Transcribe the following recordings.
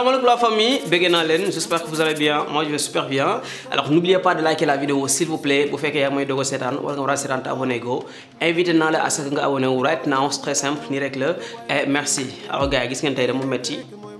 Salam alaikum la famille, Begenalen, j'espère que vous allez bien. Moi je vais super bien. Alors n'oubliez pas de liker la vidéo s'il vous plaît. pour faire que vous dogo setan, ou vous setan abonné go. Invitez-nous à ce que vous abonnez right now, c'est très simple, ni règle. Et merci. Alors gars, qu'est-ce que vous avez dit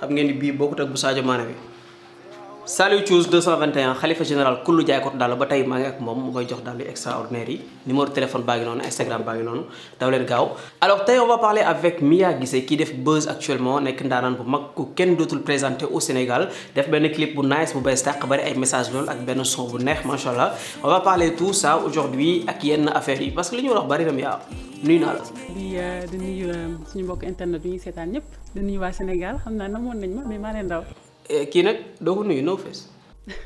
xam ngeen ni bii bokkut ak bu Sadio Mané bi Salut tous 221 Khalifa général kullu jaaykatu dàll ba tay maa ngi ak mom mu koy jox dàll extraordinaire numéro numéro téléphone baa ngi Instagram baa ngi noonu daw leen gaaw alors tay on va parler avec Mia Guissé qui def buzz actuellement nek ndaanaan bu mag ko ken dotul présenter au Sénégal def ben clip bu nice bu bees tàq bari ay message loolu ak ben son bu neex machallah on va parler tout ça aujourd'hui ak yenn affaire yi parce que li ñu wax bari na Mia nuy na la. di euh, di nuyu euh, suñu mbokk internet bi ñu seetaan ñëpp di nuyu Sénégal xam naa namoon nañ ma mais ma len daw et qui do ko no face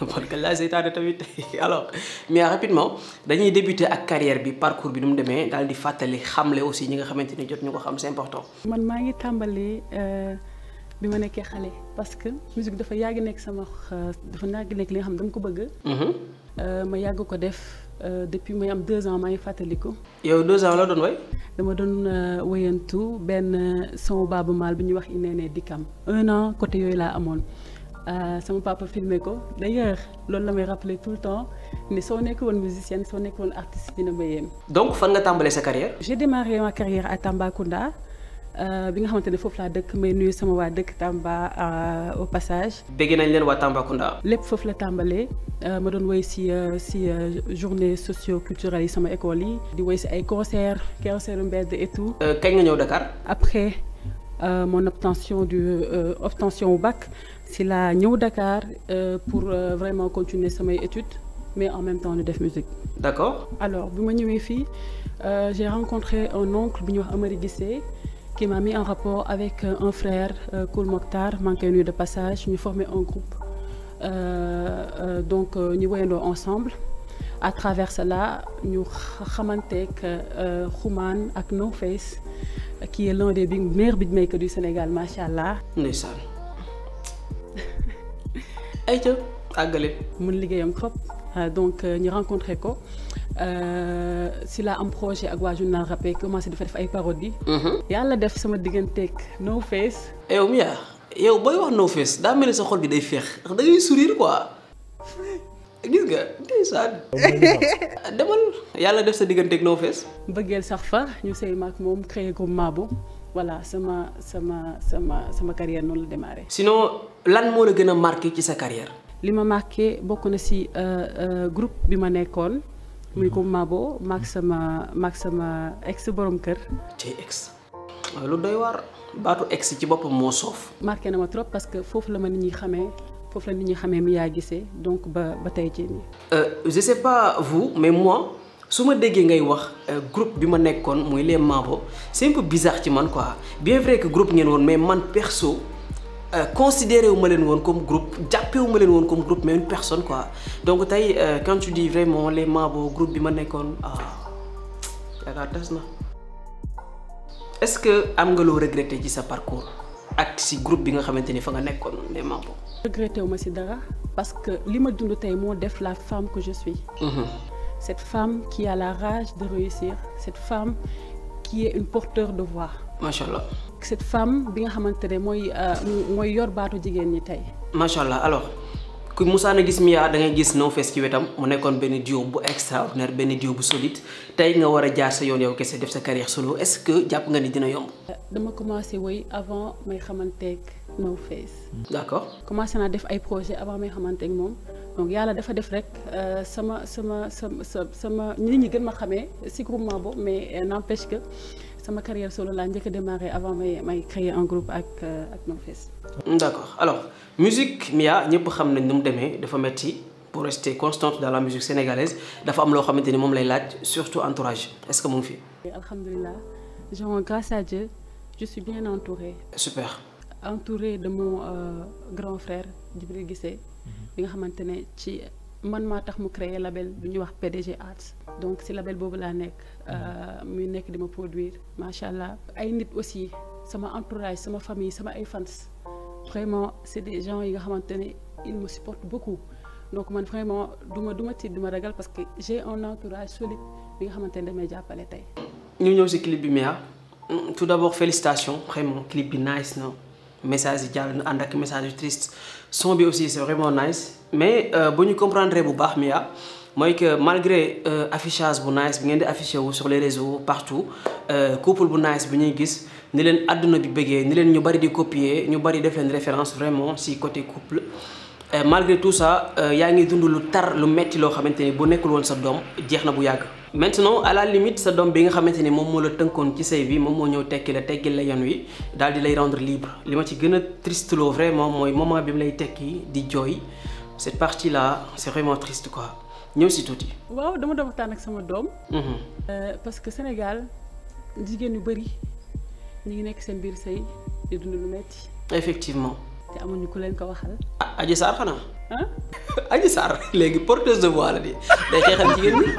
parce que la de alors mais rapidement dañuy débuter la carrière le parcours bi dans di aussi c'est important. man suis ngi euh, parce que musique dafa nekk sama euh, dafa Je li nga mhm. euh, ma depuis deux ans deux ans la doon dama doon ben benn euh, son Baaba Maal bi ñuy wax i dikam un an côté yooyu laa amoon euh, sama papa filmé ko d'ailleurs loolu la may rappelé tout le temps ni soo nekk woon musicienne soo nekk woon artiste dina ma donc fan nga tàmbalee sa carrière j'ai démarré ma carrière à Tambacounda euh, bi nga xamante ne foofu laa dëkk may nuyu sama waa dëkk Tamba euh, au passage. bëgg nañ leen tamba kunda. lépp foofu la tàmbalee euh, ma doon woy si si journée socio-culturelle yi sama école yi. di woy si ay concert concert mbedd et tout. kañ nga ñëw Dakar. après mon obtention du obtention au bac si laa ñëw Dakar pour vraiment continuer samay études mais en même temps ñu def musique. d'accord alors bi ma ñëwee j'ai rencontré un oncle bi ñuy wax Amary Guissé qui m'a mis en rapport avec euh, un frère, euh, Koul Mokhtar, manqué de passage. Nous formé un groupe. Euh, donc, nous voyons ensemble. À travers cela, nous avons euh, Khouman avec No Face, qui est l'un des meilleurs beatmakers du Sénégal, machallah. Nissan. Aïe, Agalé. Mon ligue trop. Donc, nous rencontrons. Euh, si la am projet ak wa journal rappé commencé parodie mhm. def sama No Face. Eh, yow Mia yow boy, wax No Face Tu mel sa xol bi day sourire quoi nga No Face. sax fa ñu voilà sama sama sama sama carrière non la démarré. sinon lan mo la marqué sa carrière. li ma marqué bokku euh, euh, groupe bi ma muy ko Mabo maag sama maag sama ex borom kër. tey ex. waaw lu doy war baatu ex ci boppam moo soof. marqué na ma trop parce que foofu la ma nit ñi xamee foofu la nit ñi xamee mi yaa gisee donc ba ba tey ci nii. Euh, je sais pas vous mais moi su ma déggee ngay wax euh, groupe bi ma nekkoon muy les Mabo c'est un ci man quoi bien vrai que groupe ngeen woon mais man perso. Euh, considéré ma comme groupe Je ne ma comme groupe mais une personne quoi donc tey euh, quand tu dis vraiment les du groupe bi ma nekkoon ah, yaakaar tas na. est-ce que am nga loo regretté ci sa parcours ak si groupe bi nga xamante fa nga les Mabo. regretté ma si parce que ce que je tey moo def la femme que je suis. Mm-hmm. cette femme qui a la rage de réussir cette femme qui est une porteur de voix. Masha'allah cette femme bi nga xamantene moy euh, moy yor baatu jigen ni tay machallah alors ku Moussa na gis Mia da ngay gis No fess ci wetam mu nekkoon ben duo bu extraordinaire ben duo bu solide tay nga wara a jaar sa yoon yow kesse def sa carrière solo est-ce que jàpp nga ni dina yomb. Euh, dama commencé woy avant may xamanteeg No fess d'accord commencé na def ay projet avant may xamanteeg mom donc yalla dafa def rek euh, sama sama sama sama nit ñi gën ma xamé si groupement boobu mais n'empêche que sama carrière solo là njëkk a démarré avant may may créer un groupe avec ak fils. Euh, d'accord. d'accord alors musique Mia ñëpp xam nañ nu démé dafa metti pour rester constante dans la musique sénégalaise dafa am lo xamante mom lay laaj surtout entourage est ce que mon ngi fi. je genre grâce à Dieu je suis bien entourée. super. entourée de mon euh, grand frère Djibril Guissé mm-hmm. bi nga xamante ci man maa tax mu créer label bu ñuy wax PDG Arts donc si label boobu laa nekk euh, mhm. muy nekk di ma produire macha allah ay nit aussi sama entourage sama famille sama ay fans vraiment c'est des gens yi nga xamante ne ils me supportent beaucoup donc man vraiment du ma du ma du ma ragal parce que j'ai un entourage solide bi nga xamante ne damay jàppale tey. ñu ñëw si clip bi Mia tout d'abord félicitations vraiment clip bi nice na message yi jàll na ak message triste son bi aussi c'est vraiment nice mais euh, bon, ñu comprendre bu baax mi ya mooy que malgré euh, affichage bu nice bi ngeen di affiché wu sur les réseaux partout euh, couple bu nice bi ñuy gis ni leen àdduna bi bëggee ni leen ñu bari di copier ñu bari def une référence vraiment si côté couple malgré tout ça euh, ngi dund lu tar lu metti le xamante ni bu nekkul woon sa doom jeex na bu yàgg maintenant à la limite sa donne bi nga xamante ni moom moo la tënkoon ci sëy bi mom mo ñëw tekki la teggil la yoon wi dal di lay rendre libre lima ci gëna triste, lo vraiment moy moment bi mu lay tekki di joy. cette partie là c'est vraiment triste quoi ñëw ci touti waaw dama doon waxtaan ak sama mhm. euh parce que Sénégal jigéen yu bari ñi ngi nek seen bir sëy di dund lu metti effectivement. te amuñu ku leen ko waxal. aji ah, sar Sarr hein aji sar légui porteuse de voix la di day xexal jigéen ñi.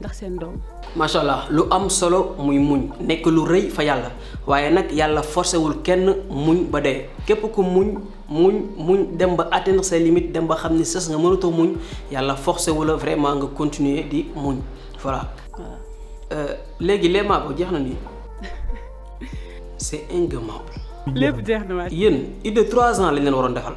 ndax seen doom. machallah lu am solo muy muñ nekk lu rëy fa yàlla waaye nag yàlla forcé wul kenn muñ ba dee képp ku muñ muñ muñ dem ba atteindre ses limites dem ba xam ni sës nga mënatoo muñ yàlla forcé wu la vraiment nga continuer di muñ voilà. Euh, léegi les maabo jeex na nii c'est ingémmable. lépp jeex na waay yéen idée trois ans lañ leen waroon defal.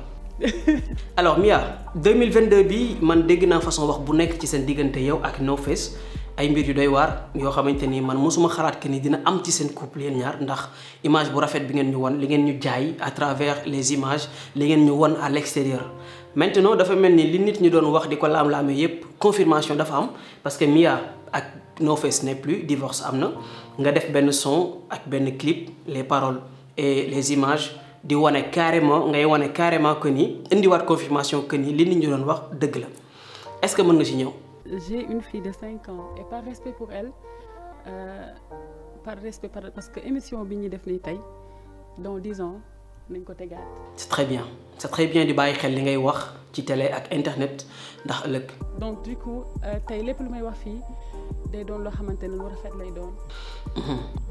alors Mia 2022 bi man dégg naa façon wax bu nekk ci seen diggante yow ak No Face ay mbir yu doy waar yoo xamante ni man mosuma xalaat que ni dina am ci seen couple yéen ñaar ndax image bu rafet bi ngeen ñu won li ngeen ñu jaay à travers les images li ngeen ñu won à l'extérieur maintenant dafa mel ni li nit ñu doon wax di ko laam-laamee yépp confirmation dafa am parce que Mia ak No Face n'est plus divorce am na nga def benn son ak benn clip les paroles et les images di carrément ngay carrément confirmation que ni li est-ce que mën nga ci j'ai une fille de 5 ans et par respect pour elle euh, par respect parce que émission bi ñi def dans 10 ans nañ ko c'est très bien c'est très bien de bàyyi xel li ngay télé ak internet donc du coup euh, tay lepp lu may wax fi day doon lo xamantene lu rafet lay doon. Mhm.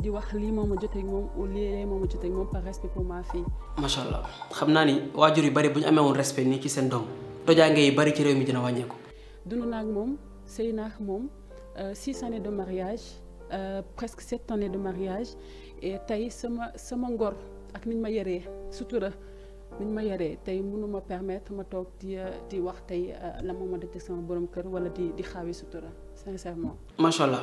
di wax li moom a joteeg moom au lieu moom a joteeg moom par respect pour ma fille. machallah xamna ni wajur yu bari buñ amé won respect ni ci seen doom tojaange yi bari ci réew mi dina wàññeeku. dund naag moom sëy naag mom 6 euh, années de mariage euh, presque 7 années de mariage et tay sama sama ngor ak niñ ma yéré sutura niñ ma yéré tay mënuma permettre ma tok di euh, di wax tay la moom de sama borom kër wala di di xaawi sutura sincèrement. machallah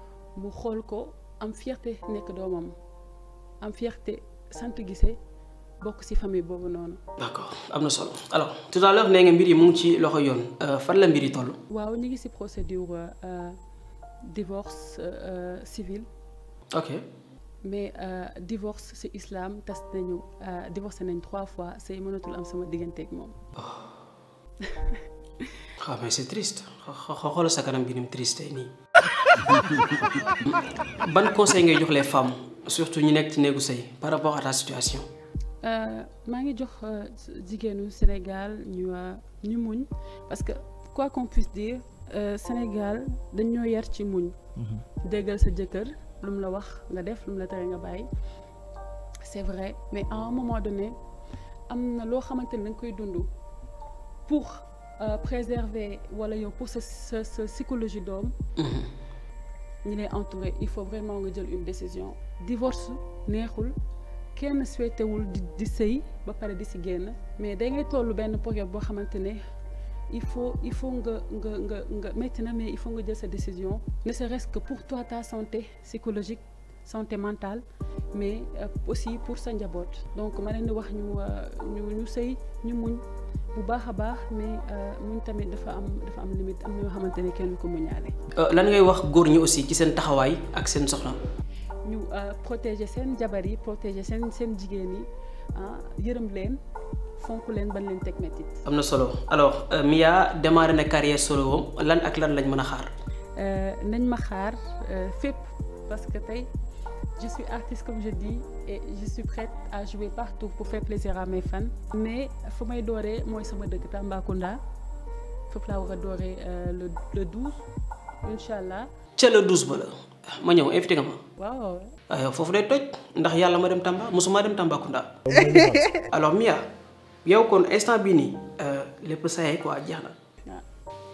mu xool ko am fierté nek domam am fierté sante Guissé bokk ci famille bobu non d'accord amna solo alors tout à l'heure nga mbir mu ci loxo euh fan la mbiri yi waaw ñi ngi ci procédure euh, divorce euh, civil. ok. mais euh, divorce c'est islam tas nañu divorcé nañ trois fois c'est mënatul am sama digganteeg moom. Oh. ah mais c'est triste xoolal sa kanam bi ni triste ni ban conseil ngay jox les femmes surtout ñu nekk ci néegu sëy par rapport à la situation. Euh, maa ngi jox euh, jigéenu Sénégal ñu euh, ñu muñ parce que quoi qu'on puisse dire Sénégal dañoo yar ci muñ. Mhm. déggal sa jëkkër lu mu la wax nga def lu la tere nga bàyyi c'est vrai mais à un moment donné am na loo xamante ni da nga koy dund pour préserver wala yow pour ce sa sa psychologie doom. Mhm ñi lay entouré il faut vraiment nga jël une décision divorce neexul kenn souhaitewul di di sëy ba pare di si génn mais da ngay toll benn période boo xamante ne il faut il faut nga nga nga nga métti na mais il faut nga jël sa décision ne serait-ce que pour toi ta santé psychologique santé mentale mais euh, aussi pour sa njaboot donc ma leen di wax ñu euh, ñu ñu sëy ñu muñ bu baax a baax mais euh, muñ tamit dafa am dafa am limite am na yoo xamante ne kenn ko mu ñaale. Euh, lan ngay wax góor ñi aussi ci seen taxawaay ak seen soxna. ñu euh, protéger seen jabar yi protéger seen seen jigéen yi ah yërëm leen fonk leen ban leen teg métit am na solo alors Mia démarré na carrière solo lan ak lan lañ mën a xaar. nañ ma xaar fépp parce que tey. Je suis artiste comme je dis et je suis prête à jouer partout pour faire plaisir à mes fans. mais fu may dooree mooy sama dëkk Tambacounda foofu laa war a dooree euh, le le 12 incha allah. le 12 ba la ma ñëw invité nga ma. waaw. aywa foofu day toj ndax yàlla ma dem Tamba mosuma dem Tambacounda. alors Mia yow kon instant bii nii euh, lépp saa yi quoi jeex na ah.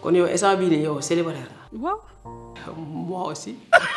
kon yow instant bini, nii yow célébrer la. waaw. moi aussi.